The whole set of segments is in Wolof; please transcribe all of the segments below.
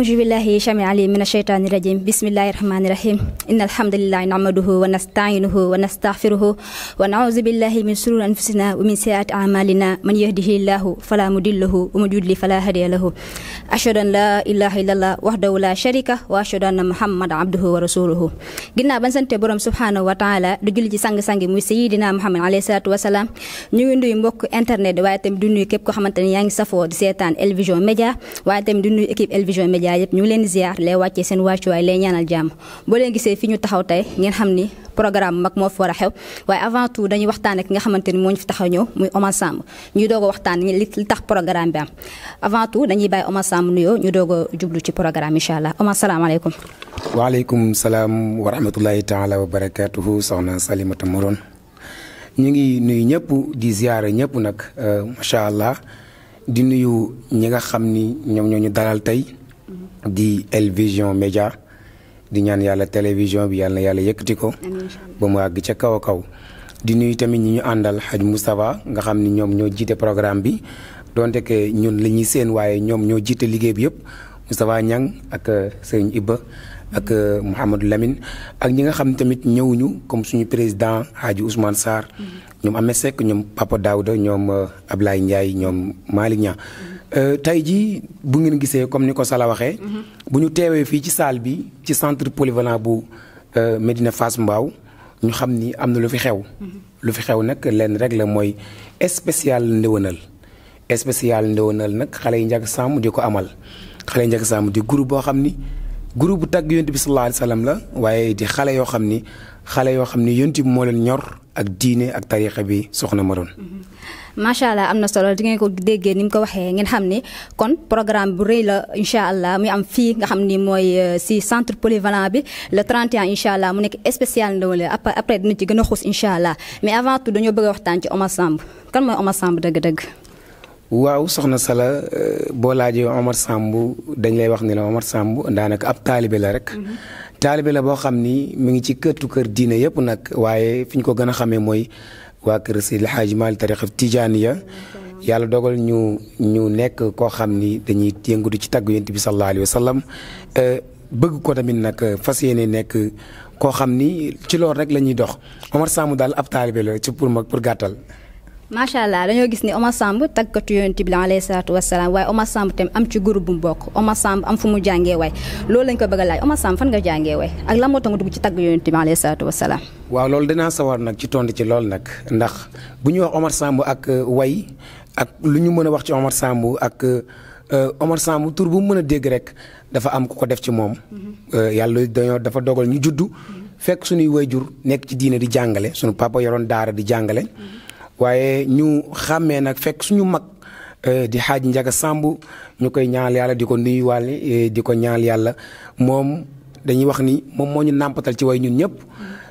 auzu billahi shami ali min asheytaani rajim bismillahi rahmaani rahim inna alhamdulilahi nahmaduhu wa nastainuhu wa nastaxfiruhu wa nauzu billahi min sururi anfusina wa min seyaati amalina man yahdihi llahu fala mudillahu wa man yudli fala hadiya lahu ashhadu an la ilaha illallah wahdahu la sharika wa ashhadu anna muhammad abduhu wa rasuluhu ginnaaw ban sante borom subhanahu wa taala du julli ci sang-sangi muy sayidina muhammad alayhi salatu wasalaam ñu ngi nuyu mbokk internet waaye tamit du nuyu képp ko xamante ne yaa ngi safoo di seetaan El Vision Média waaye tamit du nuyu équipe El Vision Média yaa yëpp ñu ngi leen di ziar lay wàccee seen wàccuwaay lay ñaanal jàmm boo leen gisee fi ñu taxaw tey ngeen xam ni programme mag moo fi war a xew waaye avant tout dañuy waxtaan ak ki nga xamante ni moo ñu fi taxaw ñëw muy Omar Samb ñuy doog a waxtaan li tax programme bi am avant tout dañuy bàyyi Omar nuyoo ñu doog a jublu ci programme incha allah Omar salaamaaleykum. waaleykum salaam wa rahmatullahi taala wa barakaatuhu soxna Salimata Moron ñu ngi nuyu ñëpp di ziara ñëpp nag euh, macha allah di nuyu ñi nga xam ni ñoom ñoo ñu dalal tey. di El Vision Média di ñaan yàlla télévision bi yàlla na yàlla yëkkati ko ba mu àgg ca kaw a kaw di nuyu tamit ñi ñu àndal xaj Moustapha nga xam ni ñoom ñoo jiite programme bi donte que ñun la ñuy seen waaye ñoom ñoo jiite liggéey bi yëpp Moustapha Niang ak euh, Serigne Ibba ak euh, Mouhamadou Lamine ak ñi nga xam tamit ñëwuñu comme suñu président Hadji Ousmane Sarr mm-hmm. ñoom Amé Seck ñoom Papa Daouda ñoom euh, Ablaye Ndiaye ñoom Malick Euh, tey jii bu ngeen gisee comme ni ko Sala waxee. bu ñu teewee fii ci salle bi ci centre polyvalent bu euh, Médina fas Mbao ñu xam ni am na lu fi xew. lu fi xew nag lenn rek la mooy spécial ndéwénal spécial ndéwénal nag xale yi njàng sàmm di ko amal xale yi njàng sàmm di groupe boo xam ni groupe bu tagg yonent bi sallallahu alayhi la waaye di xale yoo xam ni xale yoo xam ni yonent bi moo leen ñor ak diine ak tariixa bi soxna Maroon. macha allah am na solo di ngeen ko déggee ni mu ko waxee ngeen xam ne kon programme bu rëy la incha allah muy am fii nga xam ni mooy euh, si centre polyvalent bi le 31 incha allah mu nekk spécial Ndewale après dina ci gën a xuus incha allah mais avant tout dañoo bëgg a waxtaan ci Omar Samb kan mooy Omar Samb dëgg-dëgg. waaw soxna Sala euh, boo laajee Omar Samb dañ lay wax ni la Omar Samb daanaka ab taalibe la rek. Mhm. taalibe la boo xam ni mu ngi ci këttu kër diine yëpp nag waaye fi ñu ko gën a xamee mooy. waa kër Seydi El Hadji Malick tariqa Tijaaniya yàlla dogal ñu ñu nekk koo xam ni dañuy yëngutu ci tàgg yonent bi sallallahu alayhi wa sallam euh, bëgg ko tamit nag fas yéene nekk koo xam ni ci loolu rek la ñuy dox Omar Samou daal ab taalibe la ci pour mag pour gàttal. macha allah gis ni Omar Sambu tàggatu yonti bi alayhi salatu wassalam way Omar Sambu tem am ci groupe bu mbok Omar Sambu am fu mu jange way lolou lañ ko bëgg laay Omar Sambu fan nga jange way ak lan moo tax nga ci tag yonti bi alayhi salatu wassalam waaw lolou dina sawar nak ci tond ci lolou nak ndax bu wax Omar Sambu ak euh, way ak lu ñu wax ci Omar Sambu ak euh, Omar Sambu tur bu mëna dégg rek dafa am ku ko def ci moom mm-hmm. euh, yalla dañu dafa dogal ñu juddu mm-hmm. fekk suñu wayjur nek ci diine di jangale suñu papa yaron daara di jangale mm-hmm. waaye ñu xàmmee nag fekk suñu mag euh, di xaaj njaga sàmb ñu koy ñaal yàlla di ko nuyuwaale euh, di ko ñaanal yàlla moom dañuy wax ni moom moo ñu nàmpatal ci way ñun ñëpp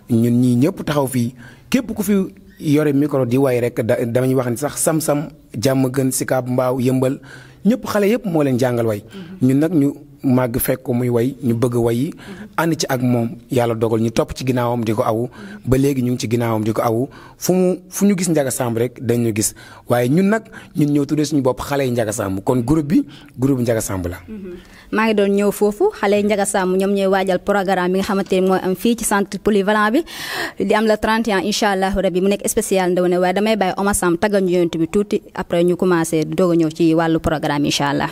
ñun ñii ñëpp taxaw fii képp ku fi yore micro di way rek da dañuy wax ni sax sam-sam jàmm gën sikaab mbaaw yëmbal ñëpp xale yëpp moo leen jàngal way mm-hmm. ñun nag ñu màgg fekk ko muy way ñu bëgg way yi ànd ci ak moom yàlla dogal ñu topp ci ginnaawam di ko aw ba léegi ñu ngi ci ginnaawam di ko aw fu mu fu ñu gis Ndiaga Samb rek dañ ñu gis waaye ñun nag ñun ñoo tuddee suñu bopp xale yi Ndiaga Samb kon group bi groupe Ndiaga Samb la. Mm-hmm. maa ngi doon ñëw foofu xale yi Ndiaga Samb ñoom ñooy waajal programme bi nga xamante ni mooy am fii ci centre polyvalent bi di am la 31 incha allah rabi mu nekk spécial ndaw ne waaye damay bàyyi ñëw ci wàllu programme incha allah.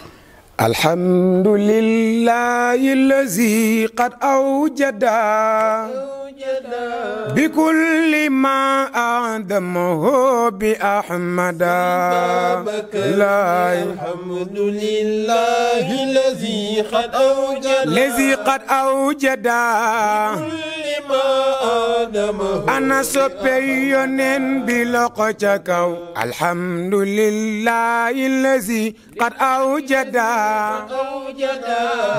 الحمد لله الذي قد أوجد بكل ما أعدمه بأحمد الحمد لله الذي قد أوجد الذي قد أوجد أنا سبيون بلقتك الحمد لله الذي قد أوجد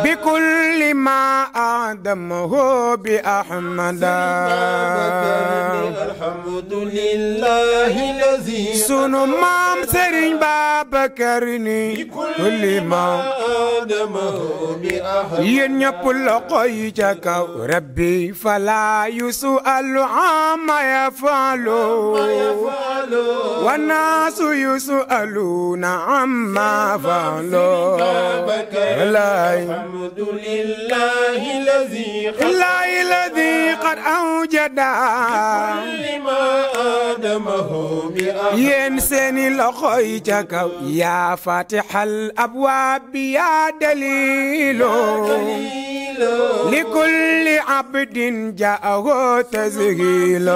بكل ما آدمه بأحمد الحمد لله الذي سنو مام سرين بابكرني بكل ما آدمه بأحمد ينيب لقي جاكو ربي فلا يسأل عما يفعل والناس يسألون عما فعله الحمد لله الذي الله الذي قد أوجد كل ما آدمه بأمر ينسني لخيتك يا فاتح الأبواب يا دليل لكل عبد جاءه تسهيل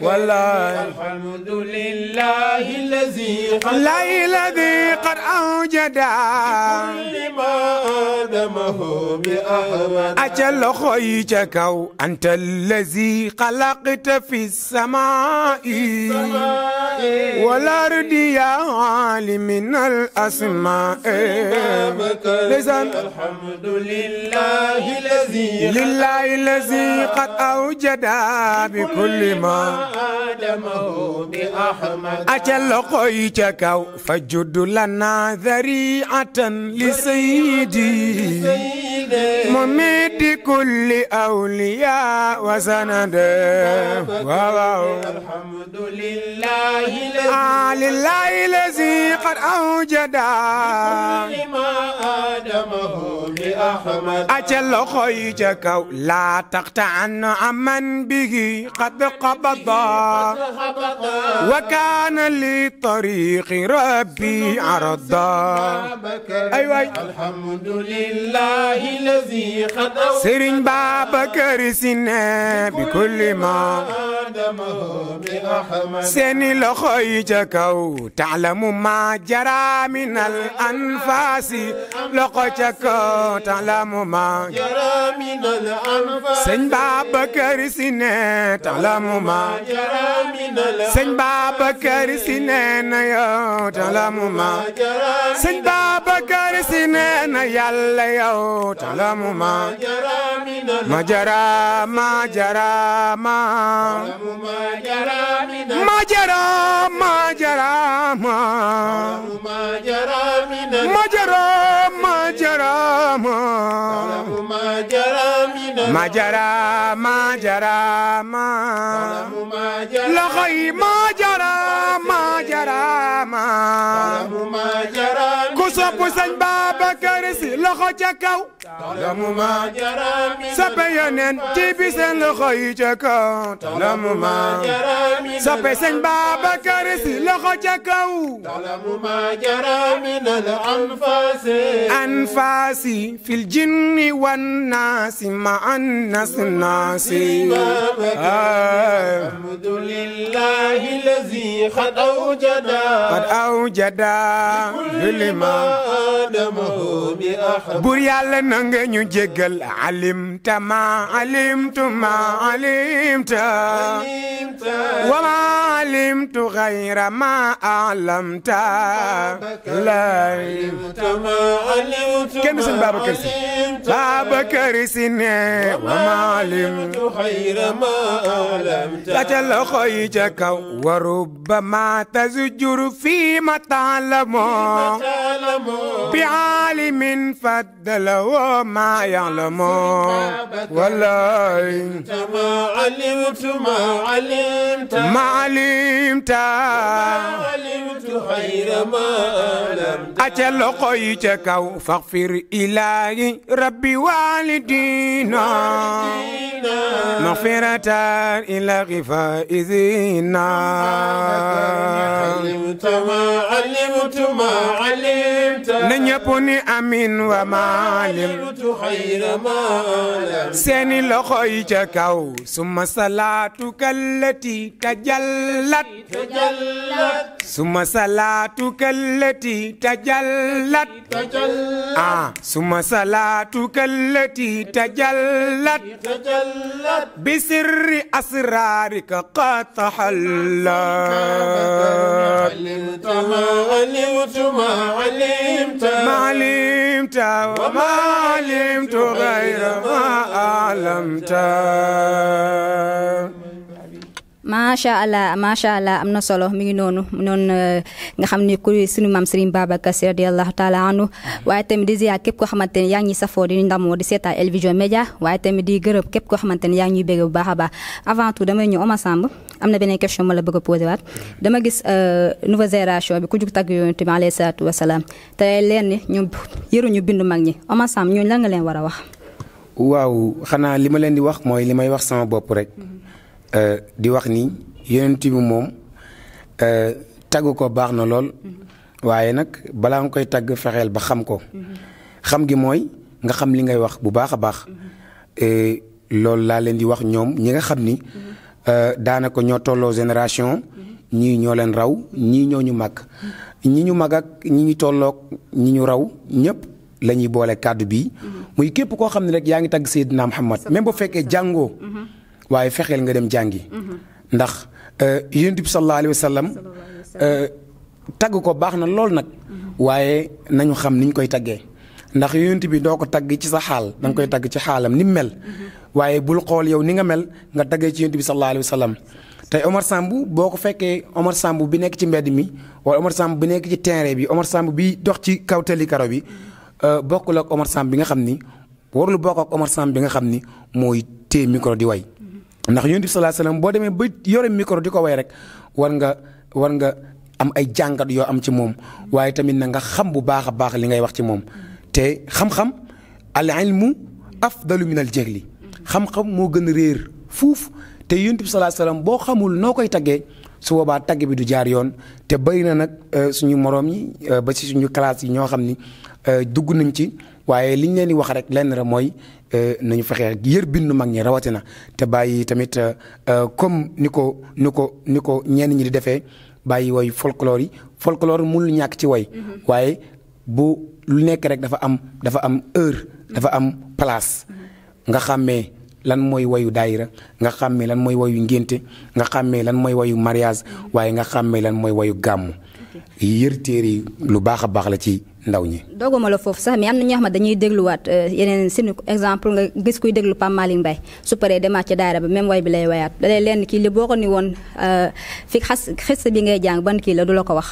والله الحمد لله الذي لا الذي قد أوجدا ما آدمه بأحمد أجل خيجك أنت الذي خلقت في السماء والأرض يا عالم من الأسماء الحمد لله الذي لله الذي قد أوجد بكل ما آدمه بأحمد أجل خيجك فجد لنا أنا ذريعة لسيدي مميت كل أولياء وسند الحمد لله آه لله الذي قد أوجد لما آدمه أجل خوي جكو لا تقطعن عمن به قد قبض وكان لطريق ربي عرضا أيوة الحمد لله الذي قد سرين باب كرسنا بكل ما سن لخوي جكو تعلم ما جرى من الأنفاس لقد جكو تعلم جرى من الأنفاس سن بابكر سنة تعلم ما جرى من الأنفاس سن بابكر سنة يا تعلم ما جرى سن بابكر سنة يلا يا تعلم ما جرى majara majara ma majara majara ma majara majara ma majara ma laxay majara majara ma ku sopp Sëñ Babacar Si loxo ca kaw lamu ma sape yeneen ci bi seen loxo yi ca kaw lamu ma sape sëñ Babacar Si loxo ca kaw lamu ma jarami na la anfasi anfasi fil jinni wan nasi ma an nas nasi الحمد لله الذي قد أوجدا قد أوجدا كل ما آدمه بأحد بر يالنا nanga ñu jéggal alimta ma alimtu ma alimta wa ma alimtu xayra ma alamta lay kenn sëñ Babacar Si Babacar Si ne wa ma alimtu xayra ma alamta la ca loxo yi ca kaw wa rubbama tazjur fi ma taalamoo bi alimin faddalawo ما يعلم والله ما علمت ما علمت ما علمت aca loxo yi ca kaw faxfir ilaahi rabbi walidina maxfiratan ila xifaisina na ñëpp ni amin wa maalim seeni loxo yi ca kaw suma salaatuka allati tajallat suma salaatuka صلاتك التي تجلت تجلت آه ثم صلاتك التي تجلت تجلت بسر أسرارك قد تحلت علمت ما علمت ما علمت ما علمت وما علمت غير ما علمت macha allah macha allah am na solo mi ngi noonu noonu euh, nga xam ni ku suñu maam Serigne Babacar Sy radiyallahu taala anhu waaye tamit di ziar képp koo xamante ne yaa ngi safoo di ndamoo di seetaan El Vision Médias waaye tamit di gërëm képp koo xamante ne yaa ngi ñuy bégg bu baax a baax avant tout damay ñëw Omar Samb am na beneen question ma la bëgg a posé waat dama gis euh, nouvelle génération bi ku jug tagg yonent bi alayhi salaatu wasalaam te leen ni ñu yëruñu bindu mag ñi Omar Samb ñooñu lan leen war a wax. waaw xanaa li ma leen di wax mooy li may wax sama bopp rek. Euh, di wax ni yonent bi moom euh, tagg ko baax na lool waaye nag balaa nga koy tagg fexeel ba xam ko xam gi mooy nga xam li ngay wax bu baax a baax euh, loolu laa leen di wax ñoom ñi nga xam ni daanaka ñoo tolloo génération ñii ñoo leen raw ñii ñoo ñu mag ñi ñu mag ak ñi ñu tolloog ñi ñu raw ñëpp la ñuy boole kàddu bi muy képp koo xam ne rek yaa ngi tagg Seydina Muhammad même bu fekkee jàngoo mm-hmm. waaye fexeel nga dem jàngi. Mhm. ndax euh, yonent bi sallallahu alayhi wa sallam euh, tagg ko baax na lool nag. Mhm. waaye nañu xam niñ koy taggee ndax yonent bi doo ko tagg ci sa xaal danga koy mhm. tagg ci xaalam ni mel. waaye bul xool yow ni nga mel nga taggee ci yonent bi sallallahu alayhi wa sallam tey Omar Samb boo ko fekkee Omar Samb bi nekk ci mbedd mi wala Omar Samb bi nekk ci terrain bi Omar Samb bi dox ci kaw tali karo bi euh, bokkul ak Omar Samb bi nga xam ni warul bokk ak Omar Samb bi nga xam ni mooy téye micro di way. ndax yonent bi sallallahu alayhi wasallam boo demee ba yore micro di ko way rek war nga war nga am ay jàngat yoo am ci moom waaye tamit na nga xam bu baax a baax li ngay wax ci moom te xam-xam al ilmu afdalu min al jahli xam-xam moo gën a réer fuuf te yonent bi sallallahu alayhi wasallam boo xamul noo koy taggee su boobaa tagg bi du jaar yoon te bëri na nag euh, suñu moroom yi euh, ba ci suñu classe yi ñoo xam ni euh, dugg nañ ci waaye liñ leen di wax rek lenn rek mooy Euh, nañu fexee yër bindu mag ñi rawatina te bàyyi tamit euh, euh, comme ni ko ni ko ni ko ñenn ñi di defee bàyyi woy folklore yi folklore mënul ñàkk ci way mm-hmm. waaye bu lu nekk rek dafa am dafa am heure mm-hmm. dafa am place mm-hmm. nga xàmmee lan mooy wayu daayira nga xàmmee lan mooy wayu ngénte nga xàmmee lan mooy wayu mariage waaye nga xàmmee lan mooy wayu gàmmu yër téere yi lu baax a baax la ci ndaw ñi. dooguma la foofu sax mais am na ñoo xam ne dañuy dégluwaat euh, yeneen seen exemple nga gis kuy déglu Pape Malick Mbaye su paree demaat ci daayira ba même way bi lay wayaat da lay lenn kii li boo ko ni woon euh, fi xas xis bi ngay jàng ban kii la du la ko wax.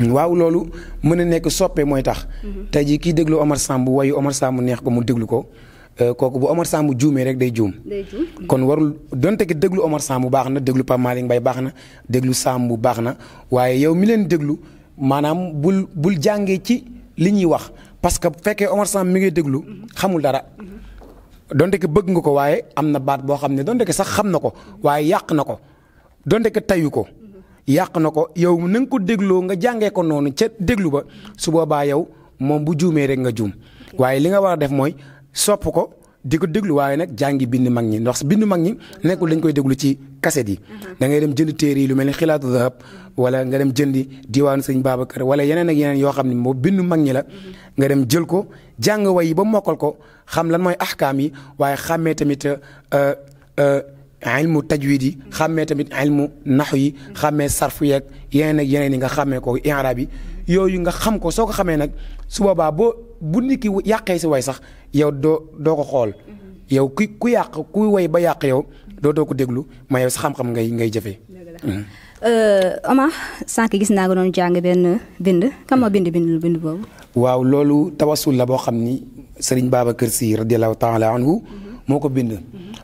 waaw loolu mën na nekk soppe mooy tax. Mhm. tey jii kiy déglu Omar Samb wayu Omar Samb neex ko mu déglu ko. Euh, kooku bu Omar Samb juumee rek day juum. kon warul donte ki déglu Omar bu baax na déglu Pape Malick Mbaye baax na déglu bu baax na waaye yow mi leen déglu maanaam bul bul jàngee ci li ñuy wax parce que bu fekkee Omar Samb mi ngi déglu xamul dara. donte ki bëgg nga ko waaye am na baat boo xam ne donte ki sax xam na ko waaye yàq na ko donte ki tayu ko. yàq na ko yow na nga ko dégloo nga jàngee ko noonu ca déglu ba su boobaa yow moom bu juumee rek nga juum waaye li nga war a def mooy. sopp ko di ko déglu waaye nag jàngi bind mag ñi ndax bindu mag ñi nekkul dañ koy déglu ci kaset yi mhm. da ngay dem jënd téere yi lu mel ni xilaatu dahab wala nga dem jëndi diwaanu sëñ Babacar wala yeneen ak yeneen yoo xam ne moo bindu mag ñi la mhm. nga dem jël ko jàng way yi ba mokkal ko xam lan mooy axkaam yi waaye xàmmee tamit euh, euh, euh, ilmu tajwid yi mhm. xàmmee tamit ilmu naxu yi xàmmee sarfu yeeg yeneen ak yeneen yi nga xàmmee ko iraab yi yooyu nga xam ko soo ko xamee nag su boobaa boo bu nit ki yàqee si way sax yow doo doo ko xool mm-hmm. yow ku ku yàq ku way ba yàq yow doo doo ko déglu ma yow sa xam-xam ngay ngay jëfee mm. euh, Omar sànq gis naa nga doon jàng benn bind kan ma bind bind bind boobu waaw loolu tawasul la boo xam ni Serigne Babacar Sy radiyallahu taala anhu mm-hmm. moko bind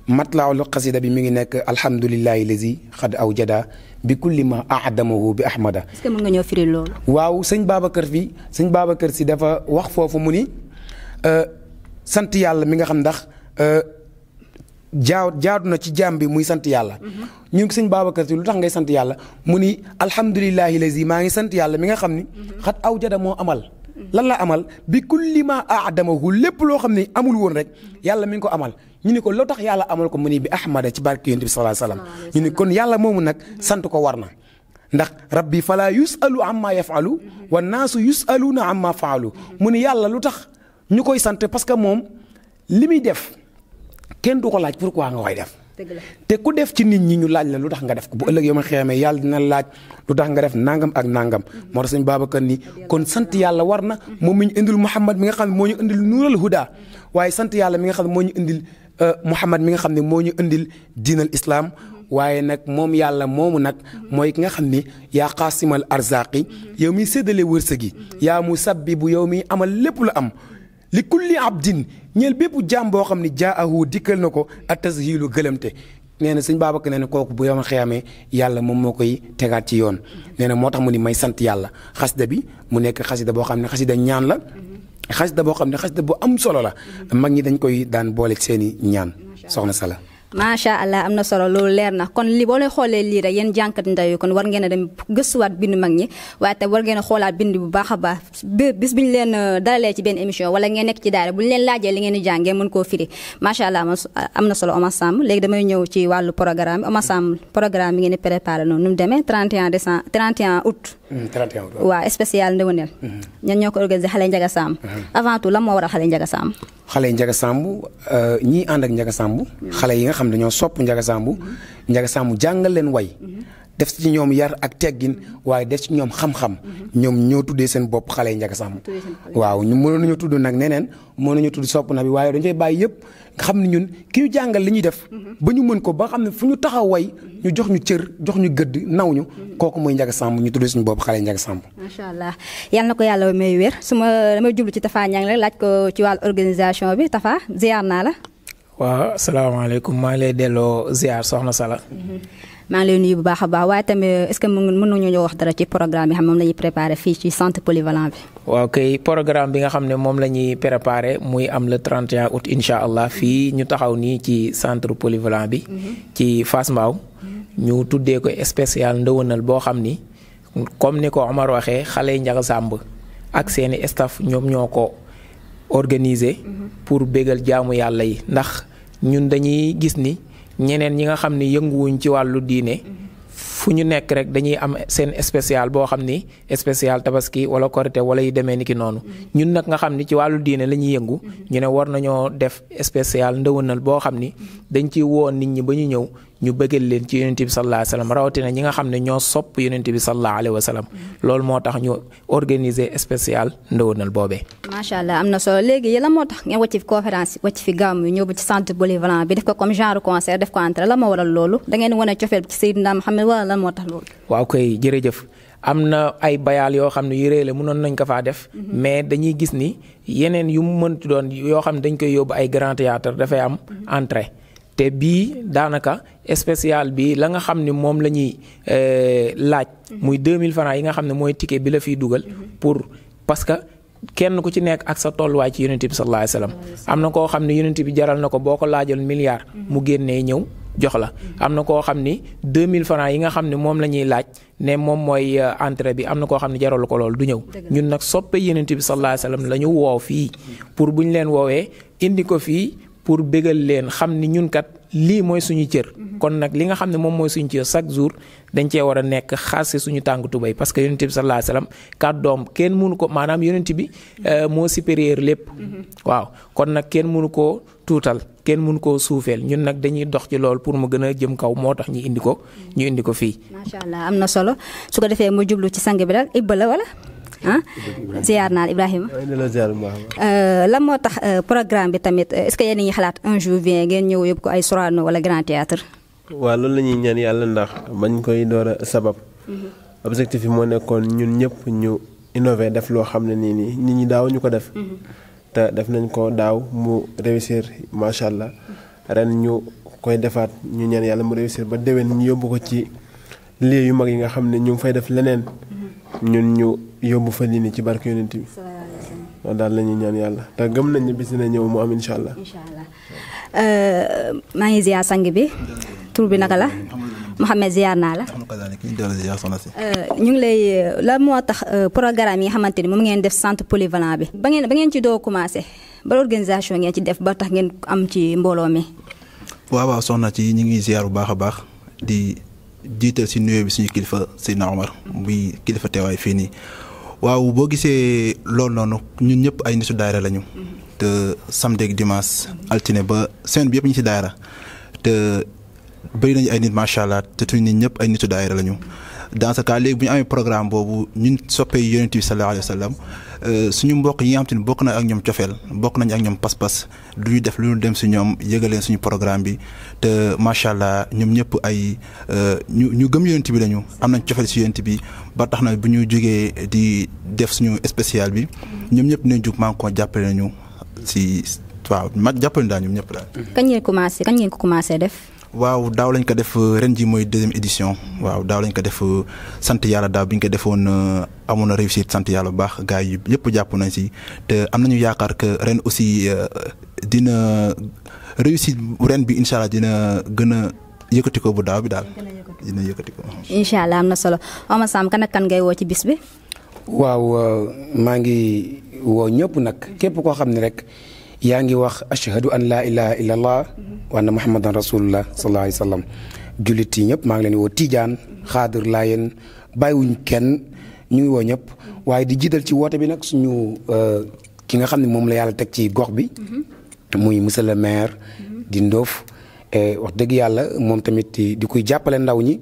matla matlaalu qasida bi mi ngi nek alhamdullilah lazi khad awjada bi kulli ma aadamahu bi ahmada est-ce que mo nga ñoo firi lool waaw seigne Babacar fi seigne Babacar si dafa wax fofu muni euh sante yàlla mi nga xam ndax euh jaaw jaaduna ci jambi muy sante yàlla ñu ngi sëñ Babacar ci lutax ngay sante yàlla muni alhamdullilah alhamdulilahi ma ngi sante yàlla mi nga xamni khat awjada mo jada moo amal lan la amal bi kulli ma aadamahu lépp loo xam ne amul woon rek yàlla mi ngi ko amal ñu ni ko loo tax yàlla amal ko mu nii bi ahmada ci barke yonent bi sallallahu alayhi wa ñu ni kon yàlla moomu nag sant ko war na ndax rabbi falaa yusalu amma yafalu wa naasu yusaluna amma faalu mu ni yàlla lu tax ñu koy sant parce que moom li muy def kenn du ko laaj pour ko pourquoi nga koy def te ku def ci nit ñi ñu laaj la lu tax nga def ko bu ëllëg yow ma xeexamee yàlla dina laaj lu tax nga def nangam ak nangam mhm. moo tax suñu Babacar ni kon sant yàlla war na moom mi indil Muhammad mi nga xam ne moo ñu indil nuural huda waaye sant yàlla mi nga xam ne moo ñu indil euh, Muhammad mi nga xam ne moo ñu indil diinal islaam mhm. waaye nag moom yàlla moomu nag mhm. mooy ki nga xam ni yaa xaasimal arzaqi yow miy séddale wërsëg yi yaa mu sabbi bu yow miy amal lépp lu am li kulli abdin ñeel bépp jaam boo xam ne jaa ahu dikkal na ko attas hiilu gëlëmte nee na sëñ Babacar nee na kooku bu yoon xëyamee yàlla moom moo koy tegaat ci yoon nee na moo tax mu ni may sant yàlla xasida bi mu nekk xasida boo xam ne xasida ñaan la xasida boo xam ne xasida bu am solo la mag ñi dañ koy daan boole seeni ñaan soxna Sala macha allah am na solo loolu leer na kon li boo lay xoolee lii rek yéen jànkat ndaw yi kon war ngeen a dem gëstuwaat bindu mag ñi waaye te war ngeen a xoolaat bind bu baax a baax bis bu ñu leen euh, dalalee ci benn émission wala ngeen nekk ci daara bu ñu leen laajee li ngeen di jàngee mën koo firi macha allah am na solo Omar Samb léegi damay ñëw ci wàllu programme Omar Samb programme bi ngeen di préparé noonu nu mu demee 31 décembre 31 août. 31 hmm, août waaw spécial Ndewenel. Hmm. ñan ñoo ko organisé xale Njaga Samb. Hmm. avant tout lan moo waral xale Njaga Samb. xale Njaga Samb euh, ñii ànd ak Njaga Samb xale yi xam ne dañoo sopp Ndiaga Sambou Ndiaga Sambou jàngal leen way def ci ñoom yar ak teggin waaye def ci ñoom xam-xam desen ñoo tuddee seen bopp xale yi Ndiaga Sambou waaw ñu mononyo nañoo tudd nag neneen mënoon nañoo tudd sopp na bi dañ xam ñun ki ñu li ñuy def ba ñu mën ko ba xam ne fu ñu taxaw way ñu jox ñu cër jox ñu gëdd naw ñu kooku mooy Ndiaga Sambou ñu tuddee suñu lo xale yi Ndiaga Sambou macha allah yal na ko yàlla may wér su ma jublu ci Tafa laaj ko ci organisation bi Tafa ziar la waaw asalaamaaleykum maa ngi lay delloo ziar soxna Sala. Mm-hmm. maa ngi lay nuyu bu baax a baax waaye tamit est-ce que mën nañu wax dara ci programme bi xam moom la ñuy fii ci centre polyvalent bi. waaw programme bi xam ne moom la ñuy préparé muy am le 31 août incha allah fii ñu taxaw nii ci centre polyvalent bi. Mm-hmm. ci Fass mm-hmm. ñu tuddee ko spécial ndëwënal boo xam ni comme ni ko Omar waxee xale yi Ndiaga Samb ak seeni staff ñoom ñoo ko organiser. pour bégal jaamu yàlla yi ndax. ñun dañuy gis ni ñeneen ñi nga xam ni yënguwuñ ci wàllu diine fu ñu nekk rek dañuy am seen spécial boo xam ni spécial tabaski wala korité wala yi demee ni ki noonu ñun nag nga xam ni ci wàllu diine la ñuy yëngu ñu ne war nañoo def spécial ndëwënal boo xam ni dañ ci woo nit ñi ba ñu ñëw ñu bëggal leen ci yonent bi rawatina ñi nga xam ne ñoo sopp yonent bi sallallahu alayhi wa sallam moo tax ñu organiser spécial ndëwënal boobee. macha allah am na solo léegi la moo tax ngeen wàcc fi conférence wàcc fi gàmm ñëw ba ci centre polyvalent bi def ko comme genre concert def ko entre la ma waral loolu da ngeen wane cofeel ci Seydina Muhammad wala lan moo tax am na ay bayaal yoo xam ne yu réy la mënoon nañ ko faa def mhm. mais dañuy gis ni yeneen yu mu mënti doon yoo xam ne dañ koy yóbbu ay grand théâtre dafay am mhm. entrée te bii daanaka spécial bi la nga xam ne moom la ñuy euh, laaj. Mm-hmm. muy 2000 francs yi nga xam ne mooy ticket bi la fiy dugal. Mm-hmm. pour parce que kenn ku ci nekk ak sa tolluwaay ci yonent bi sallallahu alayhi wasallam am na koo xam ne yonent bi jaral na ko boo ko laajal milliard. Mm-hmm. mu génnee ñëw jox la. am na koo xam ni 2000 francs yi nga xam ne moom la ñuy laaj ne moom mooy euh, entrée bi am na koo xam ne jaralu ko lool du ñëw. ñun nag soppe yonent bi sallallahu alayhi wasallam la ñu fii pour bu ñu leen woowee indi ko fii. pour bégal leen xam ni ñun kat lii mooy suñu cër. Mhm. kon nag li nga xam ne moom mooy suñu cër chaque jour dañ cee war a nekk xaase suñu tàng tubéy parce que yonent bi sallallahu alayhi wasallam doom kenn munu ko maanaam yonent bi mhm. euh, moo supérieur lépp. Mhm. waaw kon nag kenn mënu koo tuutal kenn mënu koo suufeel ñun nag dañuy dox ci lool pour mu gën a jëm kaw moo tax ñu indi ko ñu indi ko fii. macha allah am na solo su ko defee mu jublu ci sang bi daal ibba la wala. ah ziar naa Ibrahima. Euh, lan moo tax euh, programme bi tamit euh, est-ce que yéen a ngi xalaat un jour bien ngeen ñëw yóbbu ko ay Sorano wala Grand Théâtre waaw loolu la ñuy ñaan yàlla ndax bañ koy door a sabab. Mhm. objectif bi moo nekkoon ñun ñëpp ñu innové def loo xam ne nii nii nit ñi daaw ñu ko def. Mhm. te def nañ ko daaw mu réussir macha allah ren ñu koy defaat ñu ñaan yàlla mu réussir ba déwén ñu yóbbu ko ci lieu yu mag yi nga xam ne ñu ngi fay def leneen mhm. ñun ñu. yóbbu fa nit ci barke yonent bi loolu daal la ñuy ñaan yàlla te gëm nañ ne bis dina ñëw mu am incha allah. incha euh, maa ngi ziar sang bi tur bi naka la. Mouhamed ziar naa la. Euh, ñu ngi lay la moo tax euh, programme yi xamante ni moom ngeen def sant polyvalent bi. ba ngeen ngeen ci doo commencé ba organisation ngeen ci def ba tax ngeen am ci mbooloo mi. waaw waaw soxna ci ñu ngi ziar bu baax a baax di jiital si nuyoo bi suñu kilifa Seydina Omar muy kilifa teewaay fii nii. waaw boo gisee loolu noonu ñun ñëpp ay nitu daayra lañu. Mm-hmm. te samedi ak dimanche. altine ba semaine bi yëpp ñu ci daayra te bëri nañu ay nit macha allah te tuuti nit ñëpp ay nitu daayra lañu. dans ce cas léegi bu ñu amee programme boobu ñun soppee yonent bi sallallahu alayhi euh, suñu mbokk yi nga xam te bokk nañ ak ñoom cofeel bokk nañ ak ñoom pas-pas du ñu def lu ñu dem si ñoom yëgaleen suñu programme bi te macha allah ñoom ñëpp ay euh, ñu ñu gëm yonent bi lañu am nañ cofeel si yonent bi ba tax na bu ñu jógee di def suñu spécial bi ñoom ñëpp dinañ jug maa koo ko jàppale nañu si waaw ma jàppale daal ñoom ñëpp kañ ngeen ko commencé def. waaw daaw lañ ko def euh, ren ji mooy deuxième édition waaw daaw lañ ko def euh, sant yàlla daaw bi ñu ko defoon euh, amoon na réussite sant yàlla bu baax gars yi yëpp jàpp nañ si te am na ñu yaakaar que ren aussi dina réussite ren bi incha dina gën a yëkkati ko bu daaw bi daal. dina yëkkati ko incha am na solo Omar Sam kan ngay woo ci bis bi. waaw maa ngi woo ñëpp nag képp koo xam ne rek. yaa ngi wax ashhadu an laa ilaha illa allah wa anna muhammadan rasulullah sallallahu alayhi wa sallam jullit yi ñëpp maa ngi leen woo tiijaan xaadir laayeen bàyyiwuñ kenn ñu ngi woo ñëpp waaye di jiital ci woote bi nag suñu ki nga xam ne moom la yàlla teg ci gox bi muy monsieur le maire di Ndoof wax dëgg yàlla moom tamit di koy jàppale ndaw ñi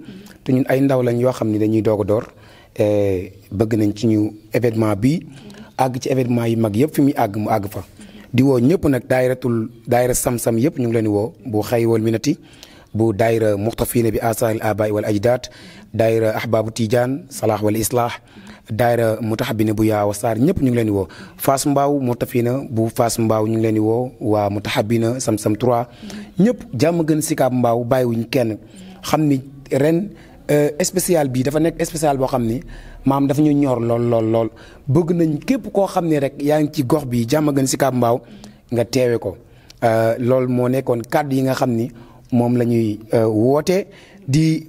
te ñun ay ndaw lañ yoo xam dañuy doog a door bëgg nañ ci ñu événement bi àgg ci événement yi mag yëpp fi muy àgg mu àgg fa diwoo woo ñëpp nag daayiratul daayira sam-sam yëpp ñu ngi leen di woo bu xaywal minati bu daayira muxtafiina bi asaaril abaay wal ajdaat daayira ahbaabu tijaan salaax wal islaax daayira mutahabina bu yaawa saar ñëpp ñu ngi leen di woo Fass Mbaaw muxtafiina bu faas Mbaaw ñu ngi leen di woo waa mutahabina sam-sam 3 ñëpp jàmm gën sikaab mbaaw bàyyiwuñ kenn xam ni ren Euh, spécial bii dafa nekk spécial boo xam ni maam dafa ñu ñor lool lool lool bëgg nañ képp koo xam ni rek yaa ngi ci gox bi jàmm Diamaguène Sicap Mbao nga teewe ko euh, loolu moo nekkoon kàddu yi nga xam ni moom la ñuy euh, woote di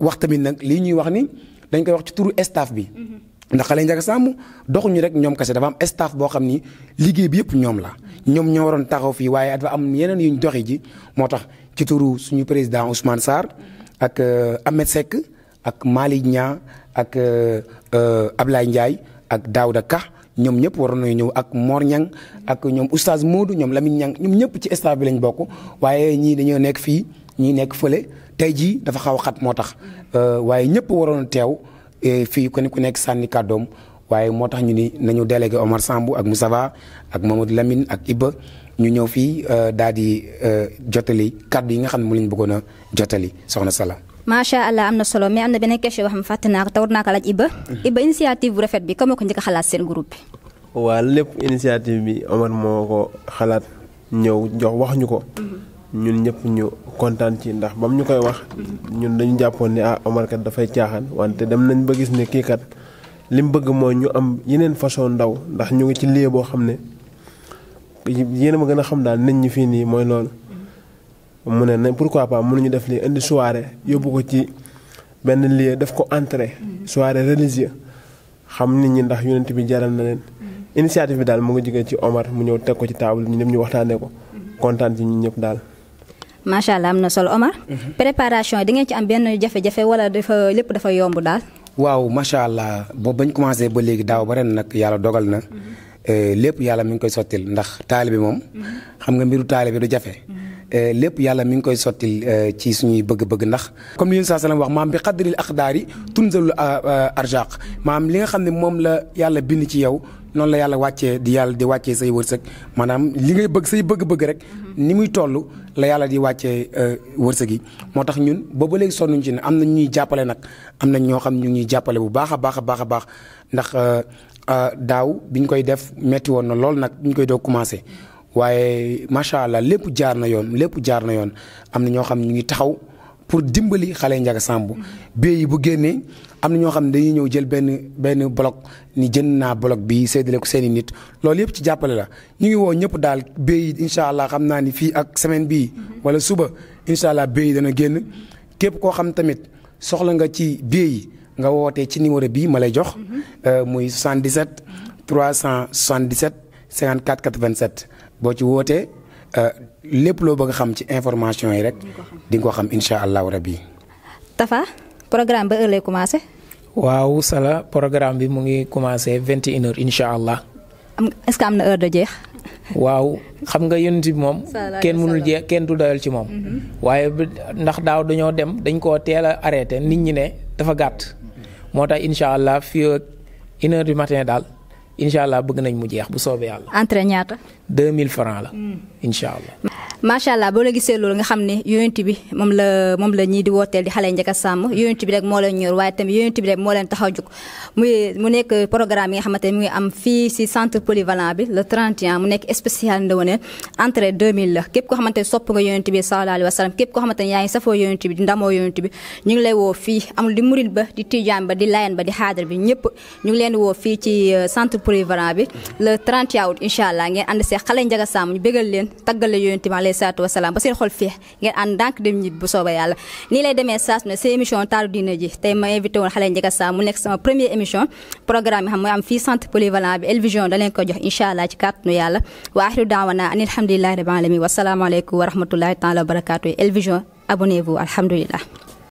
wax tamit nag lii ñuy wax ni dañ koy wax ci turu staff bi. Mm-hmm. ndax xale Ndiaga Samb doxuñu rek ñoom kese dafa am staff boo xam ni liggéey bi yëpp ñoom la ñoom ñoo waroon taxaw fii waaye dafa am yeneen yuñ doxi ji moo tax ci turu suñu président Ousmane Sarr. ak euh, Ahmed Seck ak Malick Niang ak euh, euh, Ablaye Ndiaye ak Daouda Ka ñoom ñëpp waroon nañu ñëw ak moor Niang ak ñoom Oustaz Modou ñoom lamin Niang ñoom ñëpp ci staff bi lañ bokk waaye ñii dañoo nekk fii ñii nekk fële tey jii dafa xaw xat moo tax waaye ñëpp waroon teew eh, fii ku ne ku nekk sànni waaye moo tax ñu ni nañu délégué Omar Sambou ak Moussa ak Mamadou Lamine ak Iba ñu ñëw fii euh, daal di euh, jotali kàddu yi nga xam ne mu lañ bëggoon a jotali soxna Sala. macha allah am na solo mais am na beneen question boo xam ne fàtte naa ko tawut naa ko laaj Iba. Mhm. Iba initiative bu rafet bi ka ko njëkk seen groupe bi. waa lépp bi Omar moo ko xalaat ñëw jox wax ko. Mhm. ñun ñëpp ñu kontaan ci ndax ba ñu koy wax mhm. ñun dañu jàppoon ni ah Omar kat dafay caaxaan wante dem nañ ba gis ne kii kat li mu bëgg mooy ñu am yeneen façon ndaw ndax ñu ngi ci lieu boo xam ne yéen a ma gën a xam daal nit ñi fii nii mooy loolu. mu ne ne pourquoi pas mënuñu def lii indi soirée yóbbu ko ci benn lieu def ko entrée. soirée religieuse xam nit ñi ndax yonent bi jaral na leen. initiative bi daal mu ngi jógee ci Omar mu ñëw teg ko ci table ñu dem ñu waxtaanee ko kontaan ci ñun ñëpp daal. macha allah am na solo Omar. Mhm. préparation yi da ngeen ci am benn jafe-jafe wala dafa lépp dafa yomb daal. waaw macha allah boobu bañ commencé ba léegi daaw ba nag yàlla dogal na. Mhm. Eh, lépp yàlla mi ngi koy sottil ndax taalibe moom mhm. xam nga mbiru taalibe du jafe mhm. eh, lépp yàlla mi ngi koy sottil eh, ci suñuy bëgg-bëgg ndax comme li yun saa salam wax maam bi xadril aqdaar yi tunzalul ah, ah, arjaq maam li nga xam ne la yàlla bind ci yow noonu la yàlla wàccee di yàlla di wàccee say wërsëg maanaam li ngay bëgg say bëgg-bëgg rek mhm. ni muy toll la yàlla di wàccee wërsëg yi moo tax ñun booba léegi sonnuñ ci ne am na ñuy jàppale nag am na ñoo xam ñu ngi ñuy jàppale bu baax a baax a baax a baax ndax Euh, daaw bi ñu koy def metti woon na lool nag bi ñu koy doog commencé waaye macha allah lépp jaar na yoon lépp jaar na yoon am na ñoo xam ñu ngi taxaw pour dimbali xale Ndiaga sàmbu bie yi bu génnee am na ñoo xam ne dañuy ñëw jël benn benn bloc ni jënd naa bloc bi séddale ko seen i nit loolu yëpp ci jàppale la ñu ngi woo ñëpp daal bie yi incha allah xam naa ni fii ak semaine bii wala suba incha allah bie yi dana génn képp koo xam tamit soxla nga ci bie yi nga wootee ci numéro bii ma lay jox. Mhm. Euh, muy 77 377 54 87 boo ci wootee euh, lépp loo bëgg xam ci information yi rek di nga ko xam incha allahu rabi. Tafa programme ba heure lay commencé. waaw Sala programme bi mu ngi commencé vingt et une heures incha allah. am est am na heure de jeex. waaw xam nga yonent moom. kenn mënul jeex kenn du doyal ci moom. Mhm. waaye ndax daaw dañoo dem dañ koo teel a arrêté nit ñi ne dafa gàtt. moo tax incha allah fii une heure du matin daal incha allah bëgg nañ mu jeex bu soobee yàlla. entre ñaata. deux mille francs la. incha allah. macha boo la gisee loolu nga xam ne yonent bi moom la ñii di wooteel di xale njëkk a bi rek moo leen ñor waaye tamit a muy mu nekk programme nga xamante mu ngi am fii si centre polyvalent bi la képp yaa ngi safoo allah ngeen ànd see xale njaga sàmm ñu bégal leen taggal la yonent bi alayhi salaatu wasalaam ba seen xol feex ngeen ànd ndànk dem ñit bu sooba yàlla nii lay demee saas na émission taaru diine ji tey ma invité woon xale njaga sàmm mu nekk sama première émission programme yi xam mooy am fii centre polyvalent bi El Vision da jox incha allah ci kàttanu yàlla wa axiru daawana an alhamdulilahi rabbil alamin wasalaamaaleykum wa rahmatullahi taala wa barakaatu El Vision abonnez